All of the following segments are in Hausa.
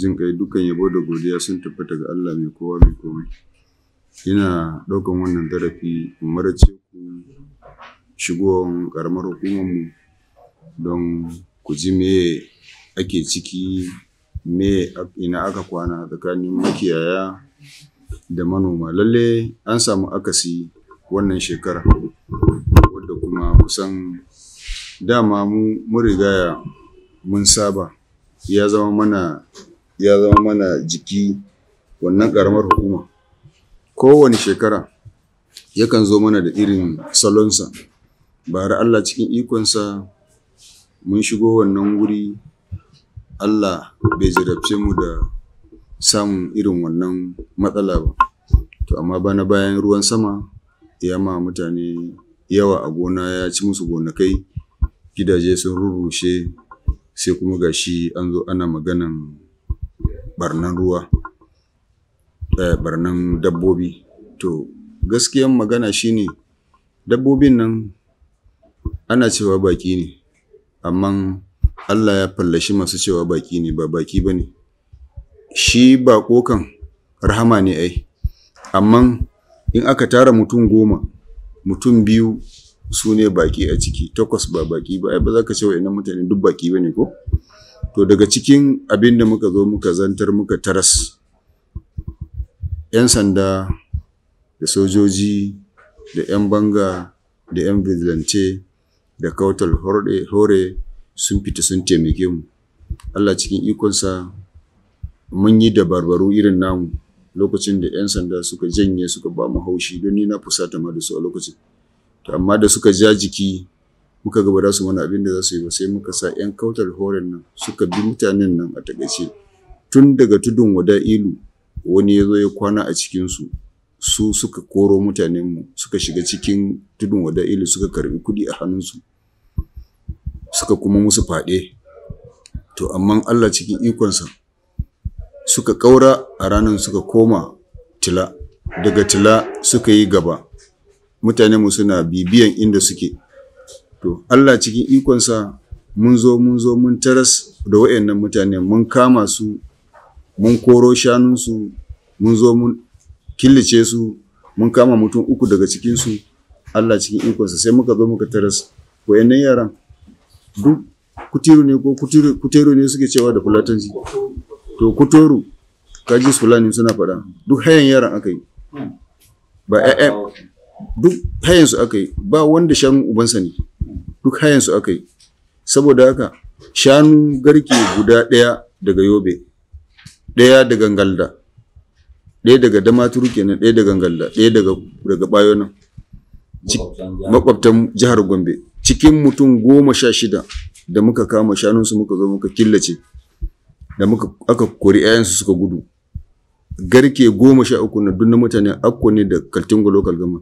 jin kai dukkan yabo da godiya sun tabbata ga Allah mai kowa mai komai ina ɗaukan wannan zarafi ce ku shigowar karamar hukumar mu don ku ji me ake ciki me ina aka kwana tsakanin makiyaya da manoma lalle an samu akasi wannan shekara wadda kuma kusan dama mu riga mun saba ya zama mana ya zama mana jiki wannan karamar hukuma kowane shekara yakan zo mana da irin salonsa Ba bara Allah cikin ikonsa mun shigo wannan wuri Allah bai jarabce mu da samun irin wannan matsala ba to amma bana bayan ruwan sama ya ma mutane yawa a gona ya ci musu gonakai gidaje sun rurrushe sai kuma gashi an zo ana maganan barnan ruwa eh, barnan dabbobi to gaskiyan magana shine dabbobin nan ana cewa baki ne amma Allah ya fallashi masu cewa baki ne ba baki ba shi ba kan rahama ne ai amma in aka tara mutum goma mutum biyu su ne baki a ciki takwas ba baki ba ai ba za ka ce wa'annan mutane duk baki bane ko to daga cikin abin da muka zo muka zantar muka taras 'yan sanda da sojoji da 'yan banga da 'yan vigilante da kautal hore sun fita sun taimake mu allah cikin ikonsa mun yi dabarbaru irin namu lokacin da 'yan sanda suka janye suka ba mu haushi don ni na fusata ma da su a lokacin amma da suka ja jiki muka gaba da su mana abin da za su yi ba sai muka sa 'yan kautar horen nan suka bi mutanen nan a takaice tun daga tudun wada ilu wani ya zo ya kwana a cikinsu su suka koro mutanenmu suka shiga cikin tudun wada ilu suka karbi kudi a hannunsu suka kuma musu faɗe to amma allah cikin ikonsa suka ƙaura a ranar suka koma tila daga tila suka yi gaba mutanenmu suna bibiyan inda suke to Allah cikin ikonsa mun zo mun zo mun taras da wayannan mutane mun kama su mun koro shanunsu mun zo mun killace su mun kama mutum uku daga cikinsu Allah cikin ikonsa sai muka zo muka taras wayannan yaran duk kutiru ne ko kutiru ne suke cewa da fulatanci to kutoru kaji fulani suna faɗa duk hayan yaran aka yi ba duk hayan su aka yi ba wanda shanun ubansa ne duk hayansu aka yi saboda haka shanu garke guda ɗaya daga yobe ɗaya daga ngalda ɗaya daga damaturu kenan ɗaya daga ngalda ɗaya daga daga bayo nan makwabtan jihar gombe cikin mutum goma sha shida da muka kama shanunsu muka zo muka killace da muka aka kori 'ya'yansu suka gudu garke goma sha uku na dunna mutane akko ne da kaltingo local gama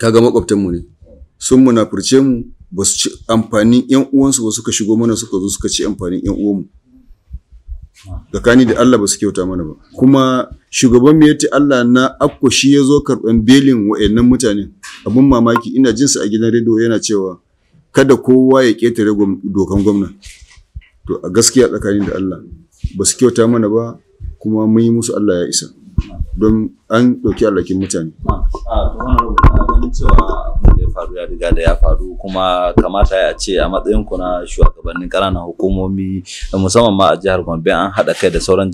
kaga makwabtanmu ne sun munafurce mu ba su ci amfanin yan uwansu ba suka shigo mana suka zo suka ci amfanin yan mu. tsakani da Allah ba su kyauta mana ba kuma shugaban mu yace Allah na akko shi ya zo karban belin wayannan mutane abun mamaki ina jin sa a gidan rediyo yana cewa kada kowa ya ketare dokan gwamna to a gaskiya tsakani da Allah ba su kyauta mana ba kuma mun yi musu Allah ya isa don an ɗauki alhakin mutane. faru ya riga da ya faru kuma kamata ya ce a matsayin ku na shugabannin ƙananan hukumomi musamman ma a jihar Gombe an haɗa kai da sauran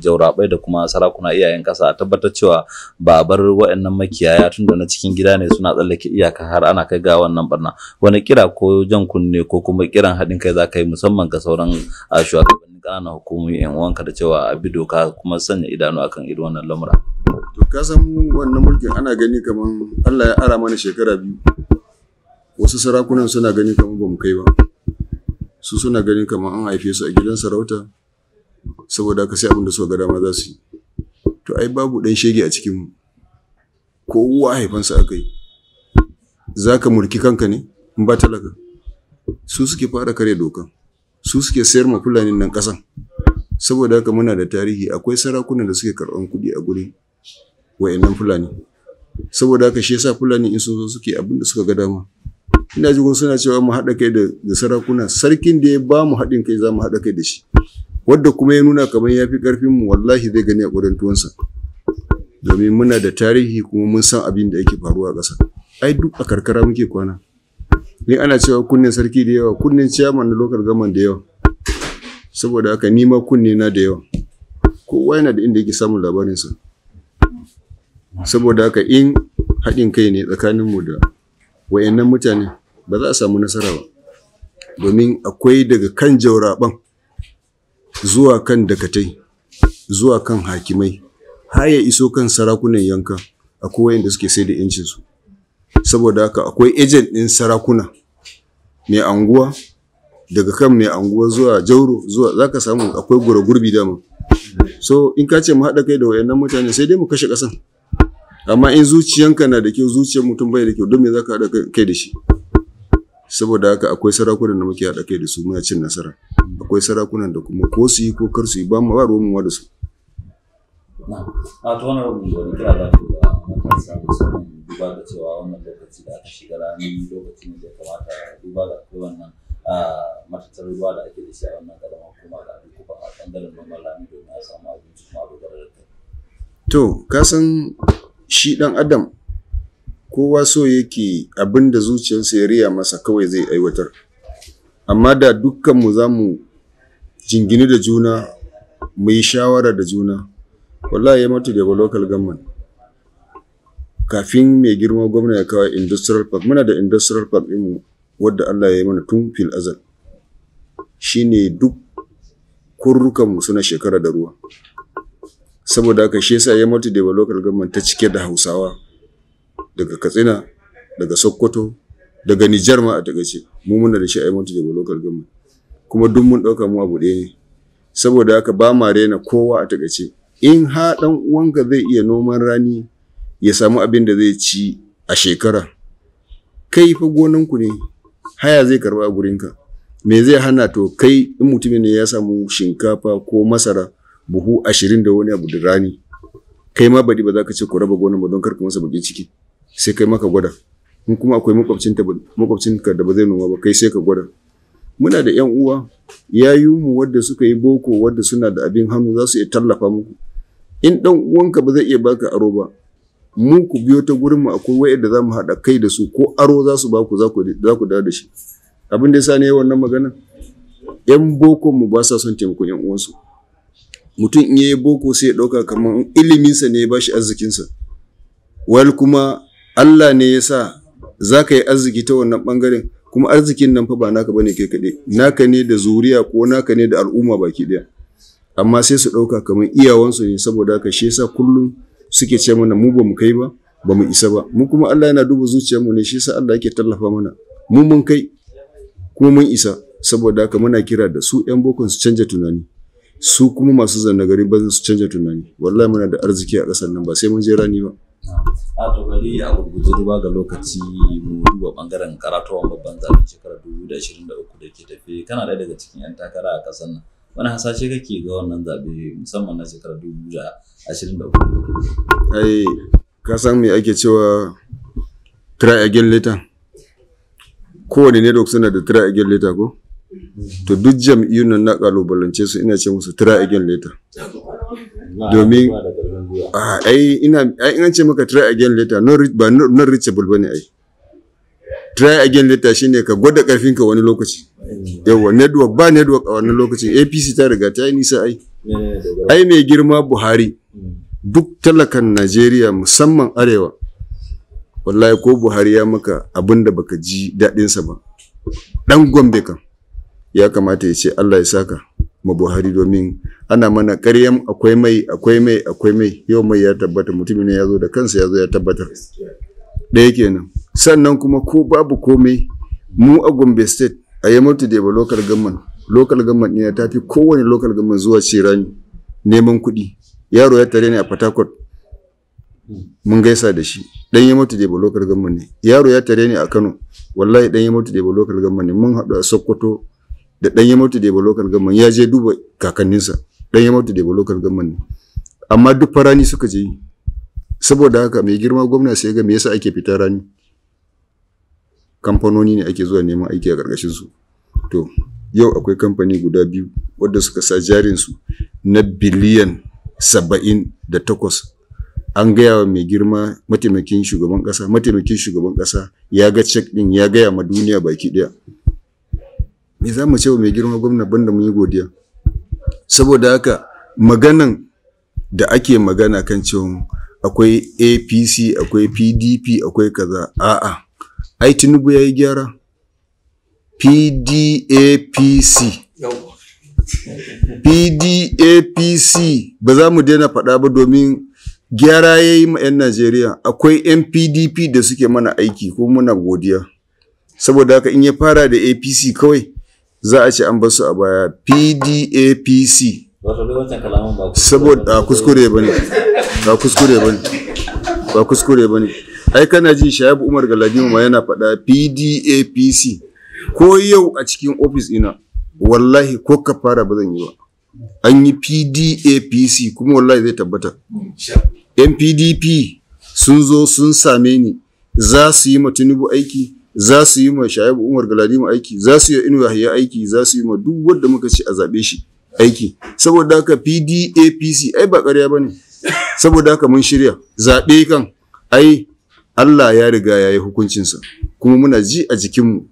jaurabai da kuma sarakuna iyayen ƙasa a tabbatar cewa ba bar waɗannan makiyaya tun da na cikin gida ne suna tsallake iyaka har ana kai ga wannan barna wani kira ko jan kunne ko kuma kiran haɗin kai za ka yi musamman ga sauran shugabannin ƙananan hukumomi yan uwanka da cewa a bi doka kuma sanya idanu akan irin wannan lamura. to ka san wannan mulkin ana gani kamar Allah ya ara mana shekara biyu wasu sarakunan suna gani kamar ba mu kai ba su suna gani kamar an haife su a gidan sarauta saboda ka sai abin da suka ga dama za su yi to ai babu dan shege a cikin mu ko uwa haifansa aka yi za ka mulki kanka ne in ba talaka su suke fara kare dokan su suke sayar ma fulanin nan ƙasan saboda haka muna da tarihi akwai sarakunan da suke karɓan kuɗi a guri wa'annan fulani saboda haka shi yasa fulani in sun zo suke abin da suka ga dama ina ji suna cewa mu haɗa kai da sarakuna sarkin da ya ba mu haɗin kai za mu haɗa kai da shi wadda kuma ya nuna kamar ya fi ƙarfin mu wallahi zai gani a ƙudan tuwansa domin muna da tarihi kuma mun san abin da yake faruwa a ƙasa ai duk a karkara muke kwana ni ana cewa kunnen sarki da yawa kunnen ciyaman na lokal gaman da yawa saboda haka nima kunne na da yawa kowa yana da inda yake samun labarinsa saboda haka in haɗin kai ne tsakaninmu da wayannan mutane ba za a samu nasara ba domin akwai daga kan jauraban zuwa kan dakatai zuwa kan hakimai har ya iso kan sarakunan yanka akwai wayanda suke sai da yancinsu saboda haka akwai ejen ɗin sarakuna mai anguwa daga kan mai anguwa zuwa jauro zuwa za ka samu akwai gura gurbi dama so in ka ce mu haɗa kai da wayannan mutane sai dai mu kashe ƙasan amma in zuciyanka na da kyau zuciyar mutum bai da kyau don me za ka haɗa kai da shi saboda haka akwai sarakunan da muke haɗa kai da su muna cin nasara akwai sarakunan da kuma ko su yi ko kar su yi ba mu ba ruwan da su a to wannan rubun wani kira za ku ga matasa musamman duba da cewa wannan lokaci da aka shiga ranar lokaci ne da ya kamata duba da akwai wannan matatar ruwa da ake da shi a wannan ƙaramar kuma da abin kuma a ɓangaren noman rani domin a samu abinci kuma a dogara da kai. to kasan shi ɗan adam kowa so yake abin da zuciyarsa ya riya masa kawai zai aiwatar amma da dukkanmu za mu jingini da juna mu yi shawara da juna wallahi ya mutu da local government kafin mai girma gwamna ya kawo industrial park muna da industrial park ɗinmu wadda Allah ya yi mana tun fil azal shine duk kurrukanmu suna shekara da ruwa saboda haka shi yasa ya multi dewa local government ta cike da hausawa daga katsina daga sokoto daga nijar ma a takaice mu muna da shi a multi dewa local government kuma duk mun ɗauka mu abu ɗaya ne saboda haka ba ma rena kowa a takaice in ha dan uwanka zai iya noman rani ya samu abin da zai ci a shekara kai fa gonanku ne haya zai karba a gurinka me zai hana to kai in mutumin ne ya samu shinkafa ko masara buhu ashirin da wani abu da rani kai ma baɗi ba za ka ce ku raba gonar ba don karka masa bakin ciki sai kai maka gwada in kuma akwai ka da ba zai noma ba kai sai ka gwada muna da yan uwa mu wadda suka yi boko wadda suna da abin hannu za su iya tallafa muku in dan uwanka ba zai iya baka aro ba mu ku biyo ta gurin mu akwai wayar da zamu hada kai da su ko aro za su baku za ku za ku da shi abin da yasa ne wannan magana yan boko mu ba sa son taimakon yan uwansu mutum in yayi boko sai ya ɗauka kamar iliminsa ne ya bashi arzikinsa wal kuma Allah ne ya sa za yi arziki ta wannan bangaren kuma arzikin nan fa ba naka bane kai kaɗai naka ne da zuriya ko naka ne da al'umma baki daya amma sai su ɗauka kamar iyawansu ne saboda haka shi yasa kullum suke ce mana mu ba mu kai ba ba mu isa ba mu kuma Allah yana duba zuciyarmu ne shi yasa Allah yake tallafa mana mu mun kai kuma mun isa saboda haka muna kira da su 'yan bokon su canja tunani su kuma masu zanna gari ba su canja tunani wallahi muna da arziki a ƙasar nan ba sai mun je rani ba a to bari a rubuta duba ga lokaci mu duba bangaren karatuwan babban zaben shekarar 2023 da ke tafe kana da daga cikin yan takara a ƙasar nan wani hasashe kake ga wannan zaɓe musamman na shekarar 2023 ai ka san me ake cewa try again later kowane network suna da try again later ko to duk jam'iyyun nan na kalubalance su ina ce musu try again later domin ai ina ce maka try again later non ba non reachable bane ai try again later shine ka gwada karfin ka wani lokaci yawa network ba network a wani lokacin APC ta riga ta yi nisa ai ai mai girma Buhari duk talakan Najeriya musamman arewa wallahi ko Buhari ya maka abinda baka ji daɗinsa ba dan Gombe kan ya kamata ya ce Allah ya saka ma Buhari domin ana mana ƙaryam akwai mai akwai mai akwai mai yau mai ya tabbata mutumin ya zo da kansa ya zo ya tabbatar ɗaya kenan sannan kuma ko babu komai mu a Gombe state a Yamatu da local government local government ne ta fi kowane local government zuwa ciran neman kuɗi yaro ya tare ne a Port mun gaisa da shi dan Yamatu da local government ne yaro ya tare ne a Kano wallahi dan Yamatu da local government ne mun haɗu a Sokoto da dan mutu da local government ya je duba kakanninsa dan yamautu da local government amma duk farani suka je saboda haka mai girma gwamna sai ga me yasa ake fita rani kamfanoni ne ake zuwa neman aiki a karkashin su to yau akwai kamfani guda biyu wadda suka sa jarin su na biliyan saba'in da takwas an gaya wa mai girma mataimakin shugaban ƙasa mataimakin shugaban ƙasa ya ga cek ɗin ya gaya ma duniya baki ɗaya me za mu ce wa mai girma gwamna banda mun yi godiya saboda haka maganan da ake magana kan cewa akwai apc akwai pdp akwai kaza a'a ai tinubu ya yi gyara pdapc pdapc ba za mu daina faɗa ba domin gyara ya yi 'yan najeriya akwai yan pdp da suke mana aiki ko muna godiya saboda haka in ya fara da apc kawai za a ce an ba su a baya pdapc saboda kuskure ba ne ba kuskure ba ne ba kuskure ba ne ai kana ji shayabu umar galadima ma yana faɗa pdapc ko yau a cikin ofis ina wallahi ko ka fara ba zan yi ba an yi pdapc kuma wallahi zai tabbata yan pdp sun zo sun same ni za su yi ma tinubu aiki za su yi ma Shaibu Umar Galadima aiki za su yi Inu Yahya aiki za su yi ma duk wanda muka ce a zaɓe shi aiki saboda haka PDAPC ai ba ƙarya ne. saboda haka mun shirya Zaɓe kan ai Allah ya riga ya yi hukuncinsa kuma muna ji a jikinmu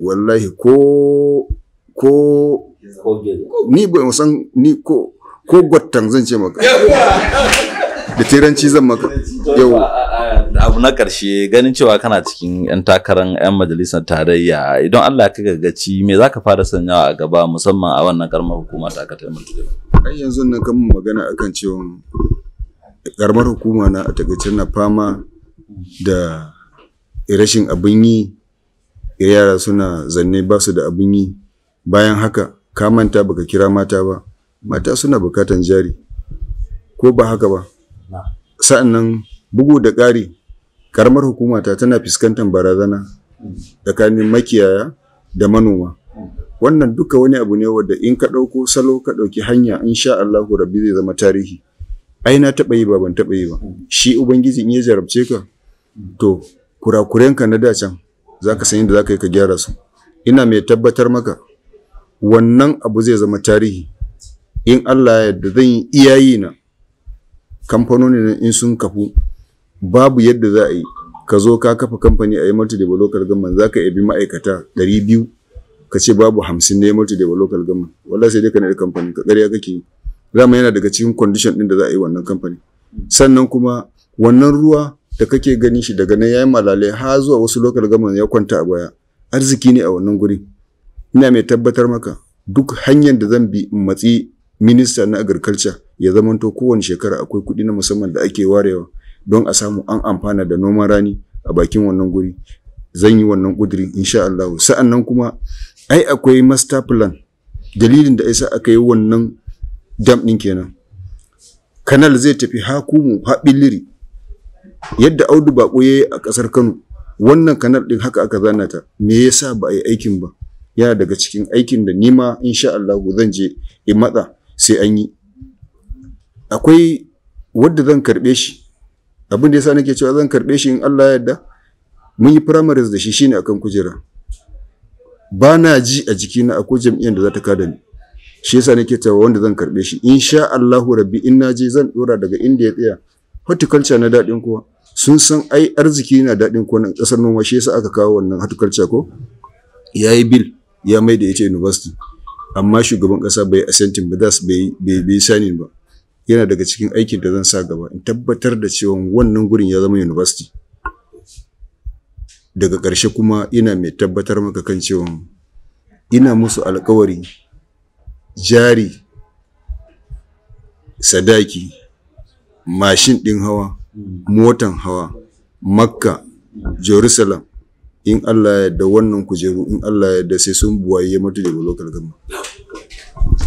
wallahi ko ko ni ba san ni ko ko gwattan zan ce maka da teranci zan maka yau abu na karshe ganin cewa kana cikin 'yan takarar 'yan majalisar tarayya idan Allah ka gaggaci me za ka fara sanyawa a gaba musamman a wannan karamar hukuma ta mai mulki ai yanzu nan kan magana akan cewa karamar hukuma na a takaice na fama da rashin abin yi yara suna zanne ba su da abin yi bayan haka ka manta baka kira mata ba mata suna bukatan jari ko ba haka ba sa'annan bugu da ƙari karamar hukuma ta tana fuskantar barazana tsakanin makiyaya da manoma wannan duka wani abu ne wadda in ka ɗauko salo ka ɗauki hanya in sha Allahu rabbi zai zama tarihi ai na taɓa yi ba ban taɓa yi ba shi ubangiji in ya jarabce ka to ka na da can za ka san yadda za ka yi ka gyara su ina mai tabbatar maka wannan abu zai zama tarihi in Allah ya yadda zan yi iyayi na kamfanoni in sun kafu babu yadda za a yi ka zo ka kafa kamfani a yi multi da local government za ka ebi ma'aikata ɗari biyu ka ce babu hamsin na yi multi da local government wallahi sai dai ka nari kamfani ka ƙarya kake yi rama yana daga cikin condition ɗin da za a yi wannan kamfani sannan kuma wannan ruwa da kake gani shi daga nan ya yi malalai ha zuwa wasu local government ya kwanta a baya arziki ne a wannan guri ina mai tabbatar maka duk hanyar da zan bi matsi minista na agriculture ya zamanto kowane shekara akwai kuɗi na musamman da ake warewa don a samu an amfana da noman rani a bakin wannan guri zan yi wannan kudiri insha Allah sa'annan kuma ai akwai master plan dalilin da yasa aka yi wannan dam ɗin kenan kanal zai tafi hakumu haɓiliri yadda audu bako ya a ƙasar kano wannan kanal ɗin haka aka zana ta me yasa ba a yi aikin ba yana daga cikin aikin da nima insha Allah zan je in matsa sai an yi akwai wanda zan karɓe shi abin da yasa nake cewa zan karbe shi in Allah ya yarda mun yi primaries da shi shine akan kujera ba na ji a jiki jikina akwai jam'iyyar da za ta kada ni shi yasa nake cewa wanda zan karbe shi insha Allahu rabbi in na je zan dora daga inda ya tsaya horticulture na dadin kowa sun san ai arziki na daɗin kowa na kasar noma shi yasa aka kawo wannan horticulture ko yayi bill ya mai da yace university amma shugaban kasa bai assenting ba su bai bai sani ba yana daga cikin aikin da zan sa gaba in tabbatar da cewa wannan gurin ya zama university daga ƙarshe kuma ina mai tabbatar maka kan cewa ina musu alkawari jari sadaki mashin ɗin hawa motan hawa makka jerusalem in allah ya da wannan kujeru in allah ya da sai sun buwaye mata da local gama